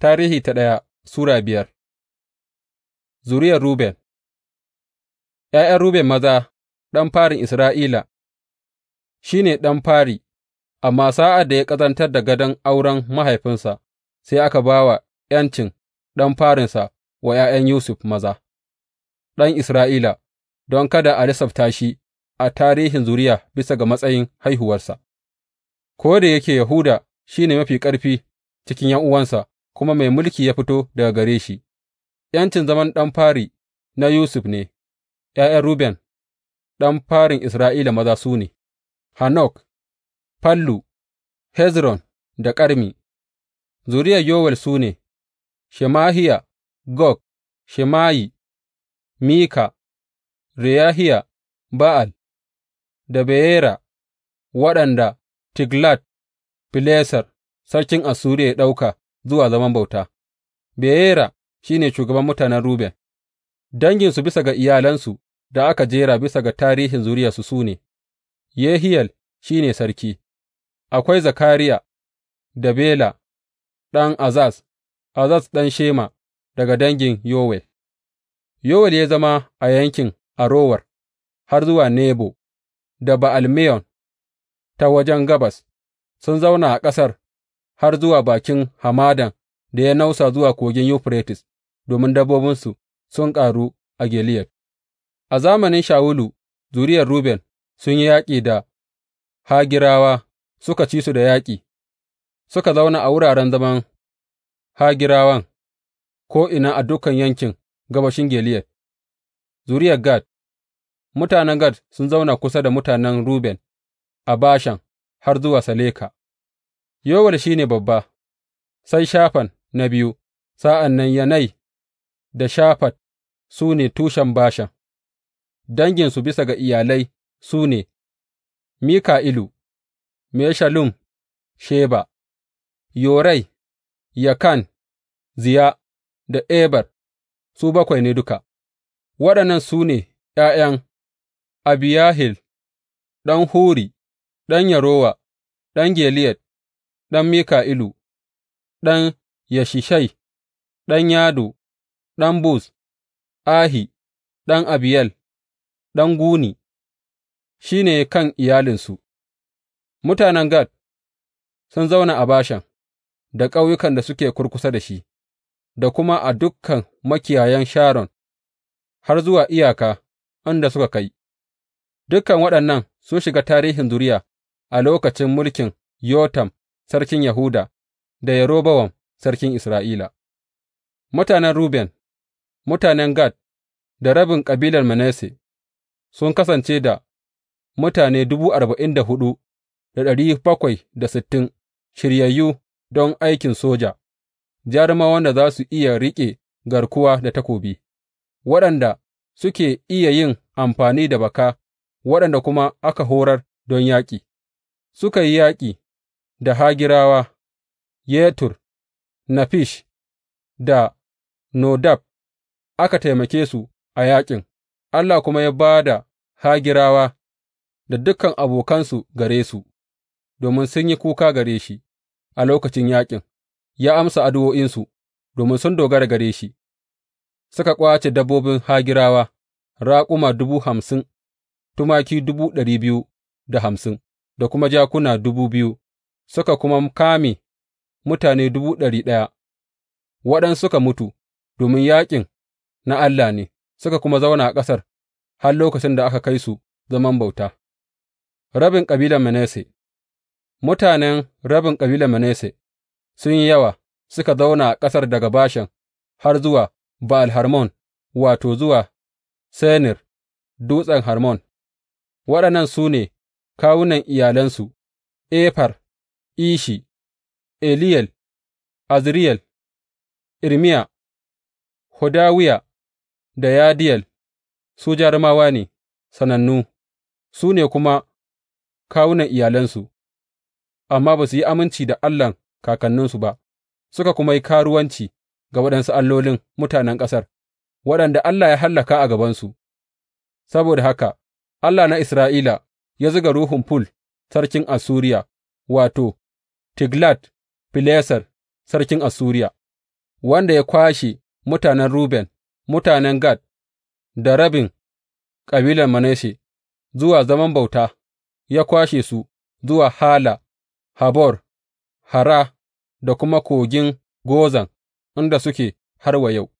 Tarihi ta ɗaya Sura biyar Zuriyar Ruben ’Ya'yan Ruben maza, ɗan farin Isra'ila, shi ne ɗan fari, amma sa'ad da ya ƙazantar da gadon auren mahaifinsa, sai aka ba wa ’yancin ɗan farinsa wa ’ya'yan Yusuf maza, ɗan Isra'ila, don kada a lissafta shi a tarihin zuriya bisa ga matsayin haihuwarsa, ko da yake Yahuda shi ne mafi ƙarfi cikin ’yan'uwansa. kuma mai mulki ya fito daga gare shi, ’yancin zaman ɗan fari na Yusuf ne, ’ya'yan Ruben, ɗan farin Isra'ila maza su ne, Hanok, Fallu, Hezron da Karmi, zuriyar Yowel su ne, Shemahiya, Gog, Shemayi, Mika, Reyahiya, Ba'al, da Beyera, waɗanda Tiglat Fileser sarkin Assuriya ya ɗauka zuwa zaman bauta, Beyera shi ne shugaban mutanen Ruben, danginsu bisa ga iyalansu da aka jera bisa ga tarihin zuriyarsu su ne, Yehiyel shi ne sarki, akwai Zakariya da Bela ɗan Azaz, Azaz ɗan Shema daga dangin Yowel. Yowel ya zama a yankin Arowar har zuwa Nebo da Ba'almeyon ta wajen gabas, sun zauna a ƙasar har zuwa bakin hamadan da ya nausa zuwa Kogin Yuferites, domin dabbobinsu sun ƙaru a Gileyad. A zamanin Shawulu, zuriyar Ruben sun yi yaƙi da Hagirawa, suka ci su da yaƙi, suka zauna a wuraren zaman Hagirawan, ko'ina a dukan yankin gabashin Gileyad. Zuriyar Gad Mutanen Gad sun zauna kusa da mutanen Ruben a Bashan har zuwa Saleka. Yowel shi ne babba, sai Shafan na biyu, sa'an nan Yanai da Shafat su ne tushen Bashan, danginsu bisa ga iyalai su ne, Mika'ilu, Meshullam, Sheba, Yorai, Yakan, Ziya da Eber, su bakwai ne duka, waɗannan su ne ’ya'yan Abiyahil, ɗan Huri, ɗan Yarowa, ɗan Gileyad. ɗan Mika'ilu, ɗan Yashishai, ɗan Yado, ɗan Buz, Ahi, ɗan Abiyel, ɗan Guni, shi ne kan iyalinsu, mutanen Gad sun zauna a Bashan da ƙauyukan da suke kurkusa da shi, da kuma a dukkan makiyayan Sharon har zuwa iyaka inda suka kai, dukan waɗannan sun shiga tarihin zuriya a lokacin mulkin Yotam sarkin Yahuda da Yerobowam sarkin Isra'ila, mutanen Ruben, mutanen Gad da rabin kabilar Manasse sun kasance da mutane dubu arba'in da hudu da ɗari bakwai da sittin shiryayyu don aikin soja, jarumawan da za su iya riƙe garkuwa da takobi, waɗanda suke iya yin amfani da baka, waɗanda kuma aka horar don yaƙi, suka yi yaƙi da Hagirawa, Yetur, Nafish da Nodab aka taimake su a yaƙin, Allah kuma ya ba da Hagirawa da dukan abokansu gare su, domin sun yi kuka gare shi a lokacin yaƙin, ya amsa addu'o'insu domin sun dogara gare shi, suka ƙwace dabbobin Hagirawa, raƙuma dubu hamsin, tumaki dubu ɗari biyu da hamsin da kuma jakuna dubu biyu. suka kuma kame mutane dubu ɗari ɗaya, waɗansu suka mutu domin yaƙin na Allah ne, suka kuma zauna a ƙasar har lokacin da aka kai su zaman bauta. Rabin kabilar Manasse Mutanen rabin kabilar Manasse sun yi yawa suka zauna a ƙasar daga Bashan har zuwa Ba'al Harmon, wato, zuwa Senir, dutsen Harmon, waɗannan su ne kawunan iyalansu, Efar Ishi, Eliyel, Azriyel, Irmiya, Hodawiya da Yadiyel su jarumawa ne sanannu, su ne kuma kawunan iyalansu, amma ba su yi aminci da Allahn kakanninsu ba, suka kuma yi karuwanci ga waɗansu allolin mutanen ƙasar, waɗanda Allah ya hallaka a gabansu, saboda haka Allah na Isra'ila ya zuga ruhun Ful sarkin Assuriya, wato, Tiglat Fileser sarkin Assuriya, wanda ya kwashe mutanen Ruben, mutanen Gad da rabin kabilar Manasse zuwa zaman bauta, ya kwashe su zuwa Hala, Habor, Hara da kuma Kogin Gozan, inda suke har wa yau.